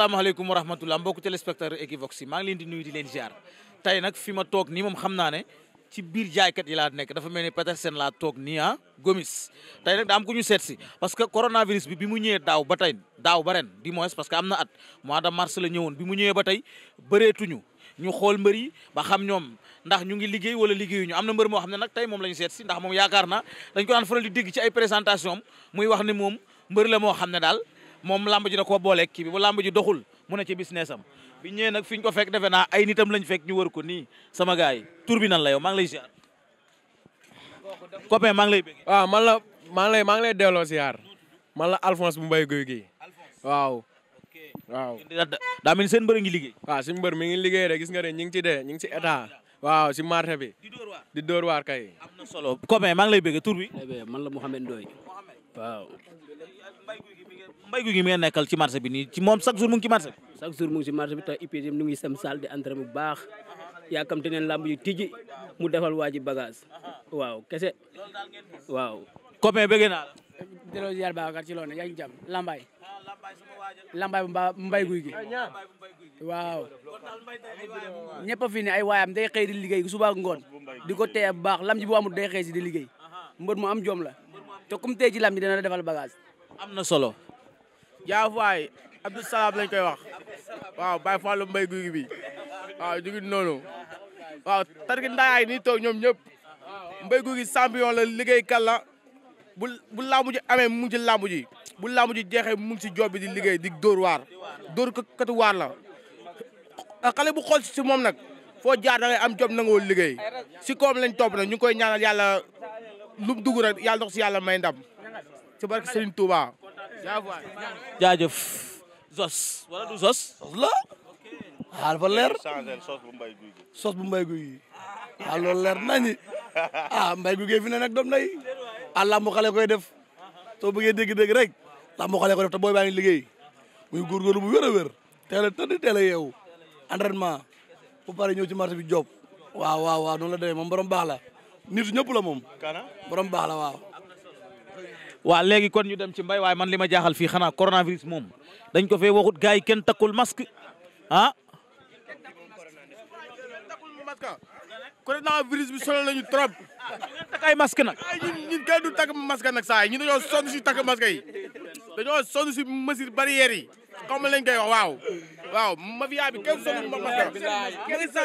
asalaamaaleykum wa rahmatulah mbokk téléspectateur Equivox yi maa ngi leen di nuyu di leen ziar tey nag fi ma toog nii moom xam naa ne ci biir jaaykat yi laa nekk dafa mel ni Petersen laa toog nii ah Gomis tey nag daa ku ñu seet si parce que coronavirus bi bi mu ñëwee daaw ba tey daaw ba ren di moins parce que am na at mois de mars la ñëwoon bi mu ñëwee ba tey bëreetuñu ñu xool mbër ba xam ñoom ndax ñu ngi liggéey wala liggéeyuñu am na mbër moo xam ne nag tey moom lamb ji da koo boole kii bi ba lamb ji doxul mu ne ci business am bi ñëwee nag fi ñu ko fekk defe naa ay nitam lañu fekk ñu wër ko nii sama gars yi tur bi nan la yow lay ziar. copain maa ngi lay bëgg. waaw ah, man maa lay maa ngi lay delloo ziar man la Alphonse mu mbay guy gi waaw. waaw. daa mel ni seen mbër ngi liggéey. waaw ah, si mbër mi ngi liggéey de gis nga ñu ngi ci de ñu ngi ci état. waaw si marché bi. di Dóor waar di Dóor waar kay. am na solo copain maa ngi lay bëgg tur bi. Eh man la Mouhamed Ndoye waaw. mbay gu gi mi nekkal ci marché bi ci moom chaque jour mu ngi ci marché bi. chaque jour mu ngi yàkkamte neen làmb yu tijji mu defal waa ji bagage waaw kese waaw. copain bëgg naa la. ci loolu yaa ngi jàmm lambay ah, Lambaye bu mbay guy gi waaw ñëpp ay waayam day xëy di liggéey suba ngoon di ko téye bu baax lam ji bu amul day xëy si di liggéey mbër mu am jom la te comme tey ci lam ji dana defal bagaas am na solo. jaafaay Abdou Salam lañ koy wax waaw Baye Fallou Mbaye guy bi waaw ñu ngi noonu waaw tarki ndayaay ni toog ñoom ñëpp Mbaye guy gi champion la liggéey kan la bu bu làmb amee mu ngi ci làmb ji bu làmb ji jeexee mu si ci job di liggéey di dóor waar dóor katu waar la ah, xale bu xool si moom nag foo jaar da am job nangoo liggéey si koom lañ topp nag ñu ngi koy ñaanal yàlla lu mu dugg rek yàlla dox si yàlla may ndam ci barke Serigne Touba jaajëf zos wala du zos sos la waaw ah, dafa leer sos bu mbay guy gi bu mbay guy gi waaw ah, loolu leer nañi ah mbay guy gi fi ne nag doom nay ah làmbu xale koy def soo bëggee dégg-dégg rek làmbu xale koy def te booy baa ngi liggéey muy góorgóorlu bu wér a wér teel a bu pare ñëw ci marché bi job waaw waaw waaw noonu la moom borom baax la nit ñëpp la moom borom baax la waaw waa léegi kon ñu dem ci mbay waaye man li ma jaaxal fii xanaa coronavirus moom dañ ko fee waxut gars yi kenn takkul masque ah. coronavirus bi solo lañu trop. takk ay masque nag. ñun ñun kenn du takk nag saa yi ñun dañoo sonn si takk masque yi dañoo sonn si mesure barrière yi comme lañ koy wax waaw. waaw mafia bi kenn sonn ma masque.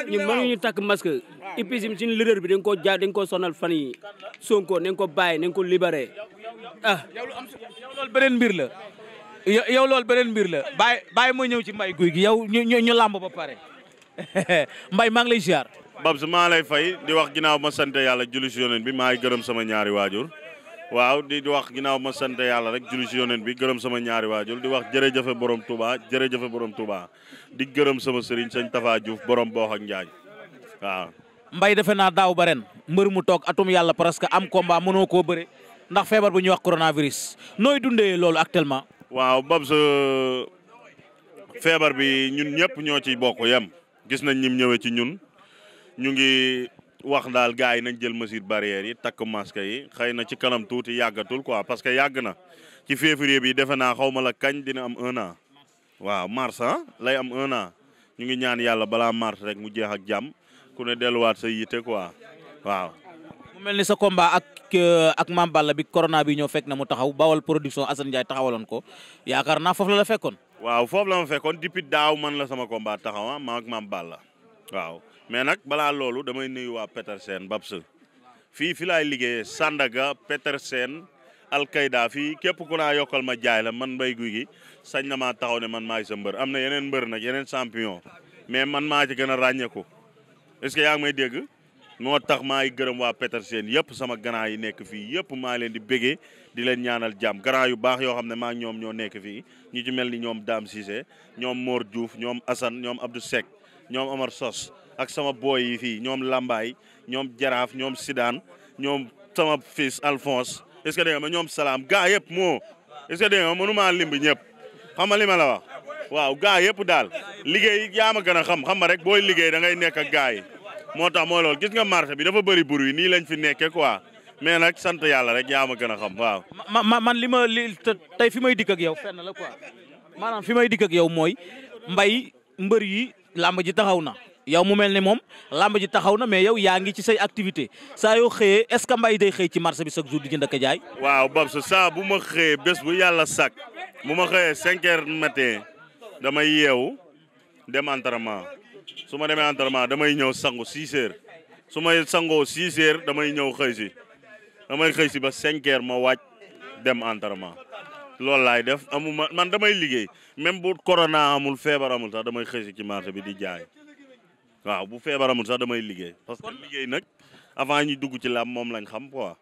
ñun mënuñu takk masque. épisme suñu bi dañ koo jaar dañ koo sonal fan yi Sonko nañ ko bàyyi nañ ko libéré. ah yow loolu beneen mbir la yow loolu beneen mbir la baay bàyyi ma ñëw ci mbay guy gi yow ñu ñu làmb ba pare mbay maa ngi lay ziar. Babs maa lay fay di wax ginnaaw ma sant yàlla julli si yonent bi maay gërëm sama ñaari waajur waaw di wax ginnaaw ma sant yàlla rek julli si yonent bi gërëm sama ñaari waajur di wax jërëjëfe borom Touba jërëjëfe borom Touba di gërëm sama sëriñ sëñ Tafa Diouf borom boox ak Njaañ waaw. mbay defe naa daaw ba mbër mu toog atum ndax feebar bu ñuy wax coronavirus nooy dundee loolu actuellement. waaw Babs euh, feebar bi ñun ñëpp ñoo ci bokk yem gis nañ ñim ñëwee ci ñun ñu ngi wax daal gars yi nañ jël mesure barrière yi takk masque yi xëy na ci kanam tuuti yàggatul koi parce que yàgg na ci février bi defe naa xaw ma la kañ dina am un an waaw mars ah, lay am un an ñu ngi ñaan yàlla balaa mars rek mu jeex ak jàmm ku ne delluwaat sa yitte quoi waaw. mel ni sa combat ak euh, ak Mame Balla bi corona bi ñëw fekk na mu taxaw bawal production Assane Ndiaye taxawaloon ko yaakaar naa foofu la la fekkoon. waaw foofu la ma fekkoon depuis daaw man la sama combat taxaw ah, ma ak Mame Balla waaw mais nag balaa loolu damay nuyu waa Petersen Babs fii fi laay liggéeyee Sandaga Petersen Alkaida fii képp ku naa yokkal ma jaay la man mbay guy gi sañ na ma taxaw ne man maay sa mbër am na yeneen mbër nag yeneen champion mais man maa ci gën ràññeeku noo tax maay gërëm waa Petersen yëpp sama grand yi nekk fii yëpp maa leen di bégee di leen ñaanal jàmm grand yu baax yoo xam ne maa ñoom ñoo nekk fii ñu ci mel ni ñoom Dame Cissé ñoom moor Diouf ñoom Assane ñoom Abdou sek ñoom Omar Sos ak sama boy yi fii ñoom Lambaay ñoom Jaraaf ñoom Sidaan ñoom sama fils Alphonse est-ce ñoom Salaam gaa yëpp moo est-ce que limb ñëpp xam nga li ma la wax waaw gaa yëpp daal liggéey yaam ma gën a xam xam nga rek booy liggéey da ngay nekk ak gaa yi moo tax mooy loolu gis nga marché bi dafa bëri bruit nii lañ fi nekkee quoi mais nag sant yàlla rek yaa ma gën a xam waaw. ma ma man li ma li tey fi may dikk ak yow fenn la quoi maanaam fi may dikk ak yow mooy mbay mbër yi làmb ji taxaw na. yow mu mel ni moom làmb ji taxaw na mais yow yaa ngi ci say activité saa yoo xëyee est ce que mbay day xëy ci marché bi chaque jour di jënd ak jaay. waaw Babs saa bu ma xëyee bés bu yàlla sak bu ma xëyee 5 heures matin damay yeewu dem su ma demee entrement damay ñëw sangu 6 heures su may sangoo 6 heures damay ñëw xëy damay xëy si ba 5 heures ma wàcc dem entraînement loolu laay def amuma man damay liggéey même bu corona amul feebar amul sax damay xëy ci marché bi di jaay waaw bu feebar amul sax damay liggéey parce que liggéey nag avant ñuy dugg ci làmb moom lañ xam quoi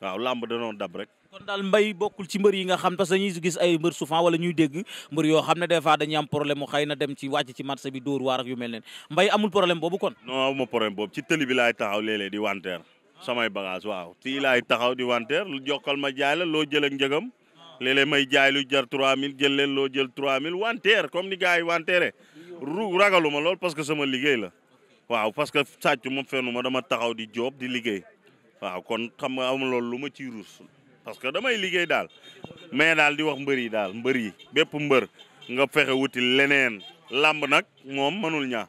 waaw làmb danoon dab rek kon daal mbay bokkul ci mbër yi nga xam parce que gis ay mbër souvent wala ñuy dégg mbër yoo xam ne des fois dañuy am problème mu xëy na dem ci wàcc ci marché bi dóor waar ak yu mel neen mbay amul problème boobu kon non amuma problème boobu ci tëli bi laay taxaw léeg-léeg di wanteer samay bagage waaw fii laay taxaw di wanteer lu jokkal ma jaay la loo jël ak njëgam léeg may jaay jar jar mille jël leen loo jël 3000 wanteer comme ni gars wanteere ru ragaluma lool parce que sama liggéey la waaw parce que sàcc ma fennu ma dama taxaw di joob di liggéey waaw kon xam nga am loolu lu ma ciy ruus parce que damay liggéey daal mais daal di wax mbër yi daal mbër yi bépp mbër nga fexe wuti leneen làmb nag moom mënul ñaa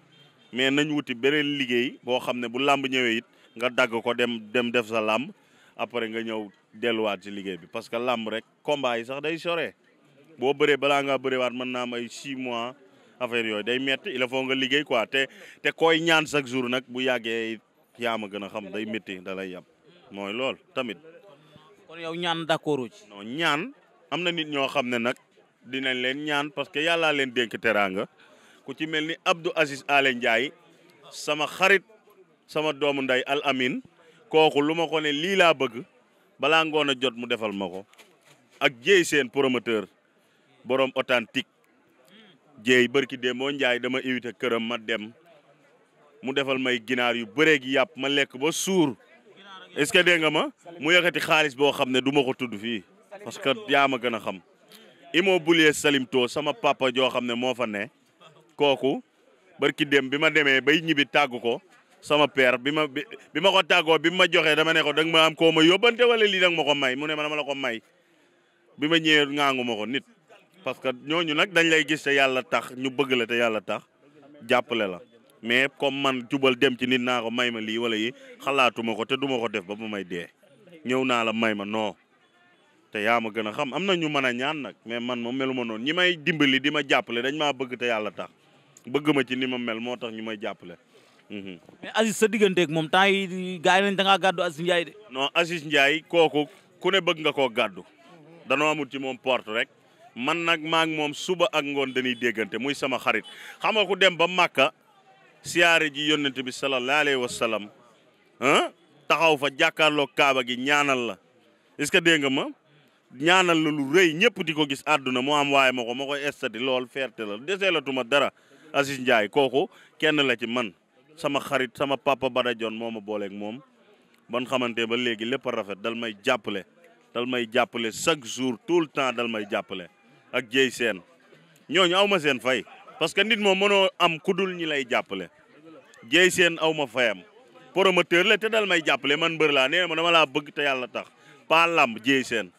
mais nañ wuti beneen liggéey boo xam ne bu lamb ñëwee it nga dagg ko dem dem def sa lamb après nga ñëw delluwaat ci liggéey bi parce que làmb rek combat yi sax day sore boo bëree balaa ngaa bëreewaat mën naa am ay 6 mois affaire yooyu day metti il faut nga liggéey quoi te te koy ñaan chaque jour nag bu yàggee yaa ma gën a xam day métti da lay yàpp mooy lool kon yow ñaan d'accord ci. ñaan am na nit ñoo xam ne nag dinañ leen ñaan parce que yàllaa leen dénk teraanga ku ci mel ni Abdou Aziz Alé Ndiaye sama xarit sama doomu nday Al Amin kooku lu ma ko ne lii laa bëgg balaa ngoon a jot mu defal ma ko ak jéey seen promoteur borom authentique jéey bërki dee moo Ndiaye dama invité këram ma dem mu defal may ginaar yu bëreeg yàpp ma lekk ba suur est-ce que dégg nga ma mu yëkkati xaalis boo xam ne du ma ko tudd fii parce que yaa ma gën a xam immobilier Salimto sama papa joo xam ne moo fa ne kooku barki dem bi ma demee bay ñibbi tàggu ko sama per bi ma bi ma ko tàggoo bi ma joxee dama ne ko danga ma am ko ma yóbbante wala lii danga ma ko may mu ne ma dama la ko may bi ma ñëwee ŋaangu ma ko nit parce que ñooñu nag dañ lay gis te yàlla tax ñu bëgg la te yàlla tax jàppale la mais comme man jubal dem ci nit naa may ma lii wala yi xalaatuma ko te duma ko def ba mu may dee ñëw naa la may ma non te yaa ma gën a xam am na ñu mën a ñaan nag mais man moom melu ma noonu ñi may dimbali di ma jàppale dañ maa bëgg te yàlla tax bëgg ma ci ni ma mel moo tax ñu may jàppale. Mhm. mais Aziz sa digganteek moom temps yi gars yi nañ da ngaa gàddu Aziz Ndiaye de. non Aziz Ndiaye kooku ku ne bëgg nga koo gàddu danoo amul ci moom porte rek man nag maa moom suba ak ngoon dañuy déggante muy sama xarit xam nga dem ba Màkka siyaare ji yónnent bi sallallahu alayhi wa sallam ah, taxaw fa jàkkaarloog kaaba gi ñaanal la est-ce que dégg nga ma ñaanal la lu rëy ñëpp di ko gis àdduna moo am waaye ma ko moo koy estati lool ferte la desee la tuma dara Aziz Ndiaye kooku kenn la ci man sama xarit sama papa Badajon moo ma booleek moom ban xamante ba léegi lépp a rafet dal may jàppale dal may jàppale chaque jour tout le temps dal may jàppale ak jéy seen ñooñu aw seen fay parce que nit moom mënoo am ku dul ñi lay jàppale jeey seen aw ma fayam promoteur la te dal may jàppale man mbër laa nee ma dama laa bëgg te yàlla tax pa làmb jeey seen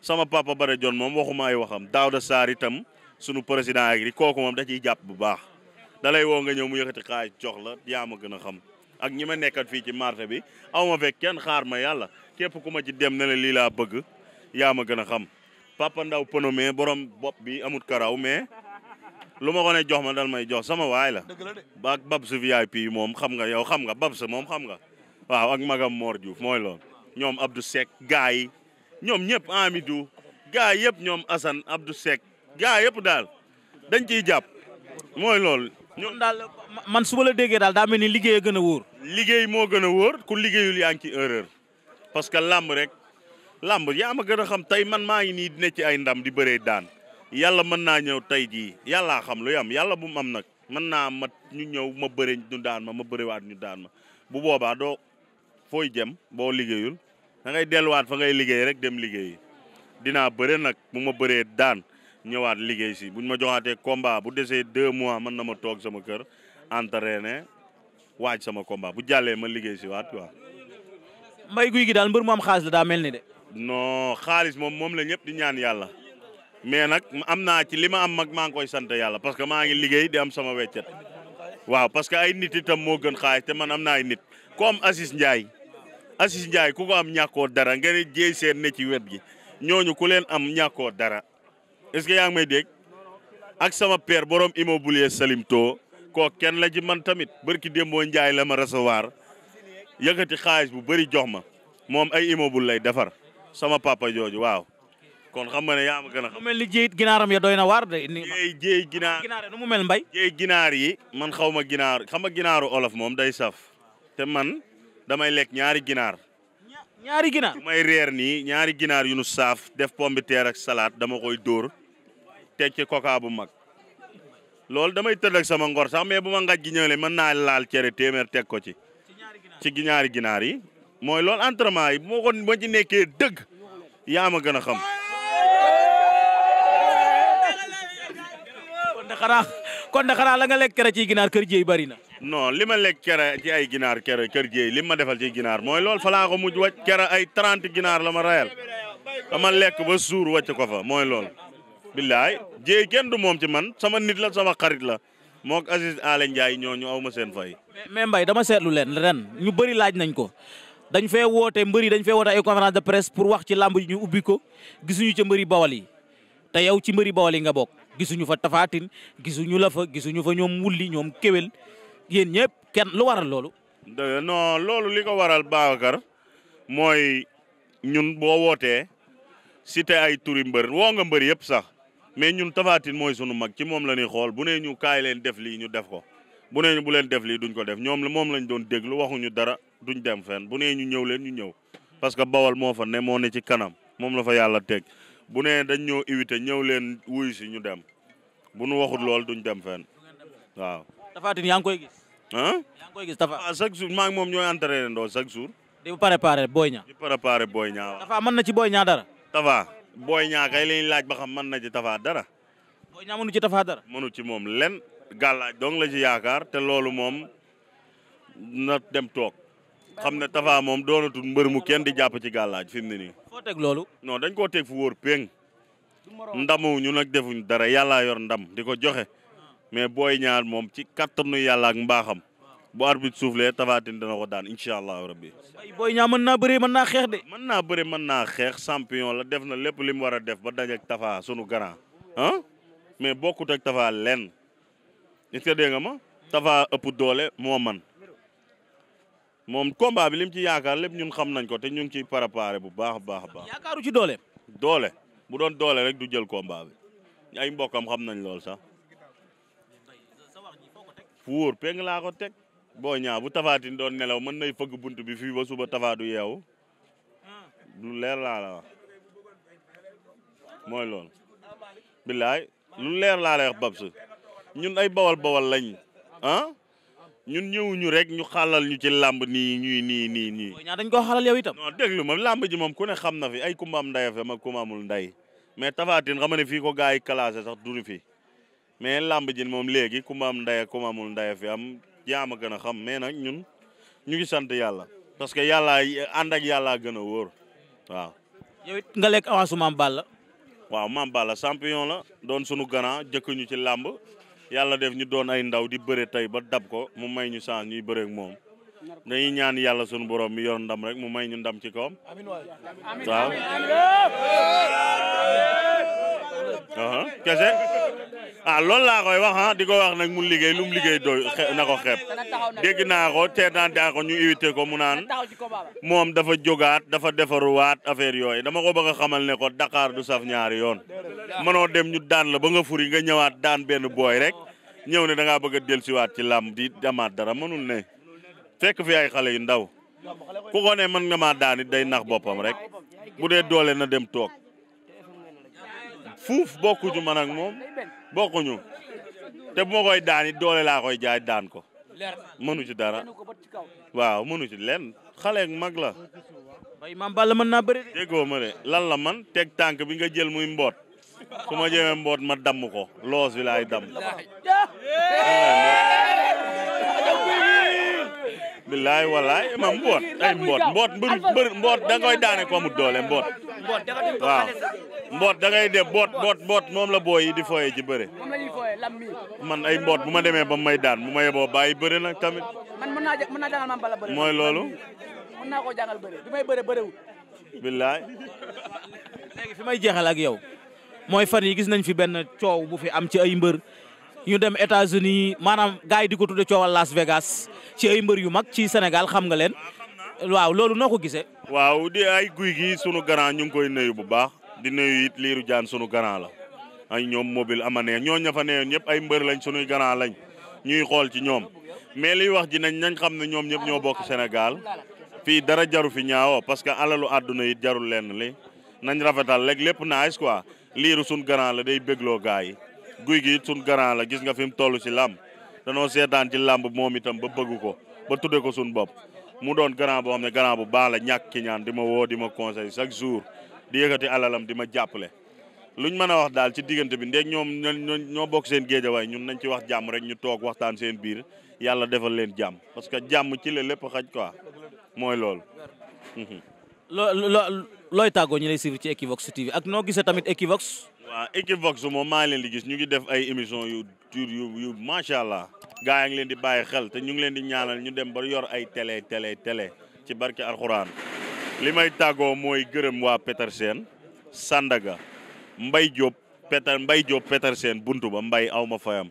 sama papa bare jon moom waxuma ay waxam Daouda Sarr itam sunu président agri kooku moom da ciy jàpp bu baax da lay woo nga ñëw mu yëkkati xaaj jox la yaa ma gën a xam ak ñi ma nekkat fii ci marché bi aw fekk kenn xaar ma yàlla képp ku ma ci dem ne la lii laa bëgg yaa ma gën a xam papa ndaw pnome borom bopp bi amut karaw mais lu ma ko jox ma dal may jox sama waay la ak Babs VIP moom xam nga yow xam nga Babs moom xam nga waaw ak magam Mor Diouf mooy loolu ñoom Abdou Seck gars yi ñoom ñëpp Amidou gars yëpp ñoom Assane abdu sek gars yëpp daal dañ ciy jàpp mooy loolu. ñoom daal man su ma la déggee daal daa mel ni liggéey a gën a wóor. liggéey moo gën a wóor ku liggéeyul yaa ngi ci erreur parce que làmb rek làmb yaa ma gën a xam tey man maa ngi nii ne ci ay ndam di bëree daan yàlla mën naa ñëw tey jii yàllaa xam luy am yàlla bu mu am nag mën naa ma ñu ñëw ma bëri ñu daan ma ma bëriwaat ñu daan ma bu boobaa doo fooy jëm boo liggéeyul da ngay delluwaat fa ngay liggéey rek dem liggéey dinaa bëre nag bu ma bëree daan ñëwaat liggéey si buñ ma joxaatee combat bu desee deux mois mën na ma toog sama kër entraîné waaj sama combat bu jàllee ma liggéey si waat quoi. mbay guy gi daal mbër mu am xaalis la daa mel ni de. non xaalis moom moom la ñëpp di ñaan yàlla. mais nag am naa ci li ma am mag maa ngi koy sant yàlla parce que maa ngi liggéey di am sama weccet waaw parce que ay nit itam moo gën xaalis te man am naa ay nit ku am Aziz Ndiaye Aziz Ndiaye ku ko am ñàkkoo dara nga ne jéey seen ne ci wet gi ñooñu ku leen am ñàkkoo dara est-ce que yaa ngi may dégg ak sama père borom immobilier Salim To ko kenn la ci man tamit barki démboo Ndiaye la ma recevoir yëkkati xaalis bu bëri jox ma moom ay immeuble lay defar sama papa jooju kon xam nga ne yaa ma gën a xam. mu mel ni jéeyit na waar de. jéey jéey ginaar ginaar nu mel mbay. jéey ginaar yi man xaw ma ginaar xam nga ginaaru olof moom day saf te man damay lekk ñaari ginaar. ñaari ginaar may reer nii ñaari ginaar yu nu saaf def pomme de terre ak salade dama koy dóor teg ci coca bu mag loolu damay tëdd sama ngor sax mais bu ma ngaj gi ñëwee mën naa laal cere téeméer teg ko ci ci ñaari ginaar yi mooy lool entraînement yi bu ko ma ci nekkee dëgg yaa gën a xam xanaa kon de xanaa la nga lekk kere ci ginaar kër jéey bari na. non li ma lekk kere ci ay ginaar kere kër jéey li ma defal ci ginaar mooy loolu fa laa ko mujj wàcc kere ay trente ginaar la ma rayal dama lekk ba suur wàcc ko fa mooy lool billaay jéey kenn du moom ci man sama nit la sama xarit la moog Aziz Aly Ndiaye ñooñu aw ma seen fay. mais mbay dama seetlu leen ren ñu bëri laaj nañ ko. dañ fee woote mbëri dañ fee woote ay conférence de presse pour wax ci làmb ji ñu ubbi ko gisuñu ca mbëri bawal yi te yow ci mbëri bawal yi nga bokk gisuñu fa tafaatin gisuñu la fa gisuñu fa ñoom wulli ñoom kéwél yéen ñëpp kenn lu waral loolu. dëgg loolu li ko waral Babacar mooy ñun boo wootee cité ay turi mbër woo nga mbër yëpp sax mais ñun tafaatin mooy sunu mag ci moom la ñuy xool bu nee ñu kaay leen def li ñu def ko. bu nee ñu bu leen def lii duñ ko def ñoom la moom lañ doon déglu waxuñu dara duñ dem fenn bu nee ñu ñëw leen ñu ñëw parce bawal moo fa ne moo ne ci kanam moom la fa yàlla teg. bu nee dañ ñoo invité ñëw leen wuyu si ñu dem bu nu waxul lool duñ dem fenn waaw. Tapha Tine yaa ngi koy gis. ah yaa ngi koy gis ah, chaque jour maa moom ñooy entraîné ndoo chaque jour. di préparé Boy Niang. di préparé Boy Niang na ci booy ñaa dara. Tapha booy Niang kay lañ laaj ba xam mën na ci Tapha dara. Boy Niang mënu ci Tapha dara. mënu ci moom len gàllaaj dong la ci yaakaar te loolu moom na dem toog. xam ne Tapha moom doonatul mbër mu kenn di jàpp ci gàllaaj fi mu nii. foo teg loolu. non dañ koo teg fu wóor péng ndamu ñu nag defuñ dara yàlla yor ndam di ko joxe mais booy ñaar moom ci kattanu yàlla ak mbaaxam bu arbitre soufflé Tapha Tine dana ko daan incha allahu rabbi. booy ñaar mën naa bëree man naa xeex de. mën naa bëree mën na xeex champion la def na lépp li mu war a def ba dajeeg Tapha sunu gara mais boo ak Tapha lenn est-ce que nga ma Tapha ëpp doole moo man moom combat bi lim ci yaakaar lépp ñun xam nañ ko te ñu ngi ciy préparé bu baax baax a baax. yaakaaru ci doole. doole bu doon doole rek du jël combat bi ay mbokkam xam nañ lool sax fu wóor laa ko teg boo ñaa bu tafaatin doon nelaw mën nay fëgg bunt bi fi ba suba tafaatu yeewu lu leer laa la wax mooy loolu. billaay lu leer laa lay wax Babs ñun ay bawal bawal lañ ah. ñun ñëwuñu rek ñu xalal ñu ci làmb nii ñuy nii nii nii. booy ñaar koo xalal yow itam. non déglu ma làmb ji moom ku ne xam na fi ay kumbaam ndaya fe mag kumbaamul nday mais tafaatin xam ne fii ko gars yi classé sax duru fi mais làmb ji moom léegi kumbaam ndaya kumbaamul ndaya fi am jaam a gën a xam mais nag ñun ñu ngi sant yàlla. parce que yàlla ànd ak yàlla gën a wóor waaw. yow it nga lekk avance Mame Balla. waaw Mame Balla champion la. doon sunu gànnaaw jëkkuñu ci làmb yàlla def ñu doon ay ndaw di bëre tey ba dab ko mu may ñu chance ñuy bëreek ak moom dañuy ñaan yàlla sunu borom mi yoon ndam rek mu may ñu ndam ci kawam waaw Uh-huh. kese ah loolu laa koy wax ah di ko wax nag mu liggéey lu liggéey doy na ko xeeb dégg naa ko teetaan daa ko ñu invité ko mu naan moom dafa jógaat dafa defaruwaat affaire yooyu dama ko bëgg a xamal ne ko Dakar du saf ñaari yoon mënoo dem ñu daan la ba nga furi nga ñëwaat daan benn booy rek ñëw ne da ngaa bëgg a dellusiwaat ci làmb di damaat dara mënul ne fekk fi xale yu ndaw ku ko ne mën nga maa daan day nax boppam rek bu dee doole na dem toog fuuf bokkuñu man ak moom bokkuñu te bu ma koy daan it doole laa koy jaay daan ko mënu ci dara waaw mënu ci len xale ak mag la. waaye mën naa bëri de. déggoo lan la man teg tànk bi nga jël muy mboot su ma jëmee mboot ma damm ko loos bi laay damm. billaay walaay mboot ay mboot mboot mbër mboot da ngay daane ko amut doole mboot. mboot da ngay de boot boot boot moom la booy yi di fooyee ci man ay mboot bu ma demee ba mu may daan mu may boo bàyyi bëre na tamit. man mën naa mën maam bala bëre. mooy loolu. mën naa koo bëre bi may bëre bërewul. billaay. léegi fi may jeexal ak yow mooy fan yi gis nañ fi benn coow bu fi am ci ay mbër. ñu dem États-Unis maanaam gars yi di ko tudde coowal Las Vegas ci ay mbër yu mag ci Sénégal xam nga leen waaw loolu noo ko gisee. waaw di ay guy gi sunu grand ñu ngi koy nuyu bu baax di nuyu it liiru jaan sunu grand la ay ñoom mobile ama ne ñoo ña fa ne ñëpp ay mbër lañ sunuy grand lañ ñuy xool ci ñoom mais liy wax ji nañ nañ xam ne ñoom ñëpp ñoo bokk Sénégal fii dara jaru fi ñaawo parce que alalu àdduna it jarul lenn li nañ rafetal rek lépp naaj quoi liiru sunu grand la day bégloo gars yi. guy gi sun garant la gis nga fi mu toll si làmb danoo seetaan ci làmb moom itam ba bëgg ko ba tudde ko sun bopp mu doon garant boo xam ne garant bu baax la ñàkk ki ñaan di ma woo di ma conseil chaque jour di yëkkati alalam di ma jàppale ñu mën a wax daal ci diggante bi ndeg ñoom ñoo bokk seen waaye ñun nañ ci wax jàmm rek ñu toog waxtaan seen biir yàlla defal leen jàmm parce que jàmm ci la lépp xaj quoi mooy loolu looy tàggoo ñu lay suivre ci Equivox TV ak noo gise tamit Equivox. waaw Equivox moom maa leen di gis ñu ngi def ay émission yu yu yu macha allah. gaa yi ngi leen di bàyyi xel te ñu ngi leen di ñaanal ñu dem ba yor ay télé télé télé ci barki alxuraan li may tàggoo mooy gërëm waa Petersen Sandaga Mbay Diop Peter Mbay Diop Petersen buntu ba Mbay aw ma fayam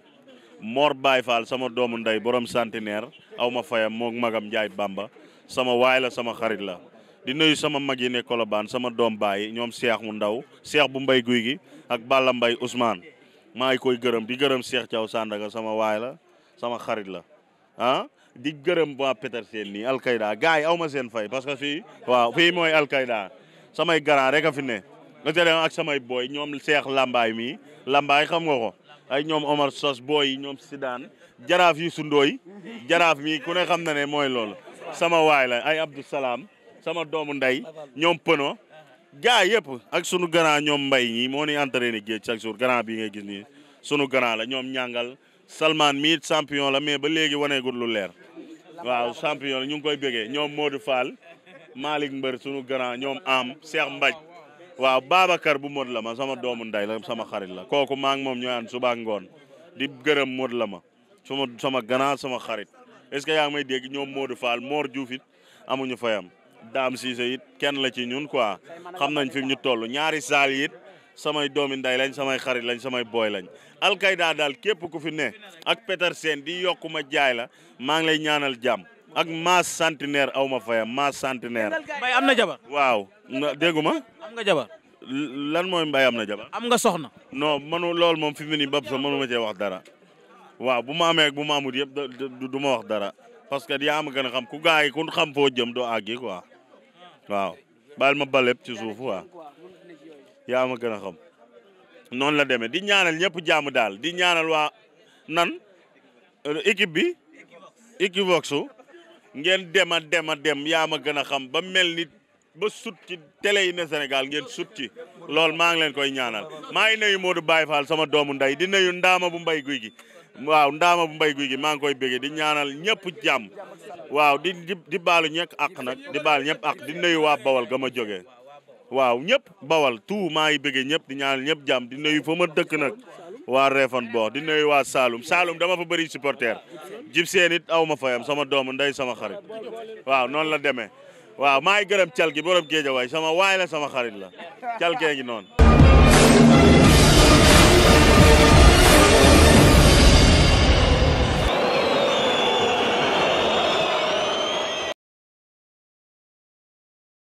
Mor Baye Fall sama doomu ndey borom centenaire aw ma fayam moog magam Njaay Bamba sama waay la sama xarit la. di nuyu sama mag yi ne Colobane sama doom baay ñoom Cheikh mu ndaw Cheikh bu mbay guy gi ak Balla Mbay Ousmane maa ngi koy gërëm di gërëm Cheikh Thiaw sàndaga sama waay la sama xarit la ah di gërëm waa Petersen nii Alkayda gars yi aw ma seen fay parce que fii waaw fii mooy Alkayda samay garant rek a fi ne nga ak samay booy ñoom Cheikh Lambaay mii Lambaay xam nga ko ay ñoom Omar Sos booy yi ñoom Sidaan jaraaf yu sundooy jaraaf mii ku ne xam na ne mooy loolu sama waay la Salaam sama doomu nday ñoom pëno gaa yëpp ak sunu grand ñoom mbay ñi moo ni entraîné géej chaque gara bii ngay gis nii sunu grand la ñoom ñàngal Salman mii champion la mais ba léegi waneegul lu leer waaw champion la ñu ngi koy bégee ñoom Modou faal Malick Mbër sunu grand ñoom am Cheikh Mbaj waaw Babacar bu Modou la ma sama doomu ndey la sama xarit la kooku maa ngi moom ñooy ànd suba ak ngoon di gërëm Modou la ma sama sama grand sama xarit est ce que yaa may dégg ñoom Modou Fall Mor Diouf amuñu fayam daam siise it kenn la ci ñun quoi xam nañ fi ñu toll ñaari saal yit samay doomi nday lañ samay xarit lañ samay booy lañ alkayda daal képp ku fi ne ak Peter Sène di yokkuma jaay la maa ngi lay ñaanal jàmm ak maas centenaire aw ma fayam maas centenaire. mbay am na jabar. waaw déggu ma. am lan mooy mbay am na jabar. am nga soxna. no manu loolu moom fi mu nii bab so mënu ma cee wax dara waaw bu ma amee ak bu ma amut yëpp du ma wax dara. parce que yaa ma gën a xam ku gaa yi ku xam foo jëm doo àgg yi waaw bal ma ba lépp ci suuf waaw yaa ma gën a xam noonu la demee di ñaanal ñëpp jàmm daal di ñaanal waa nan euh, équipe bi Equivox ngeen dem a dem a dem yaa ma gën a xam ba mel ni ba sut ci télé yi ne Sénégal ngeen sut ci loolu maa ngi leen koy ñaanal maa ngi nuyu Modou Baye Fall sama doomu ndey di nuyu Ndama bu mbay guy gi waaw ndaama bu mbay guy gi maa ngi koy béggee di ñaanal ñëpp jàmm waaw di di di baalu ñekk àq nag di baal ñëpp àq di nuyu waa bawal ga ma jógee waaw ñëpp bawal tout maa ngi béggee ñëpp di ñaanal ñëpp jàmm di nuyu fa ma dëkk nag waa Réfan boox di nuyu waa saalum saalum dama fa bëri supporter jib seen it aw ma fayam sama doomu ndey sama xarit waaw noonu la demee waaw maa ngi gërëm cal gi borom géejawaay sama waay la sama xarit la cal kee ngi noonu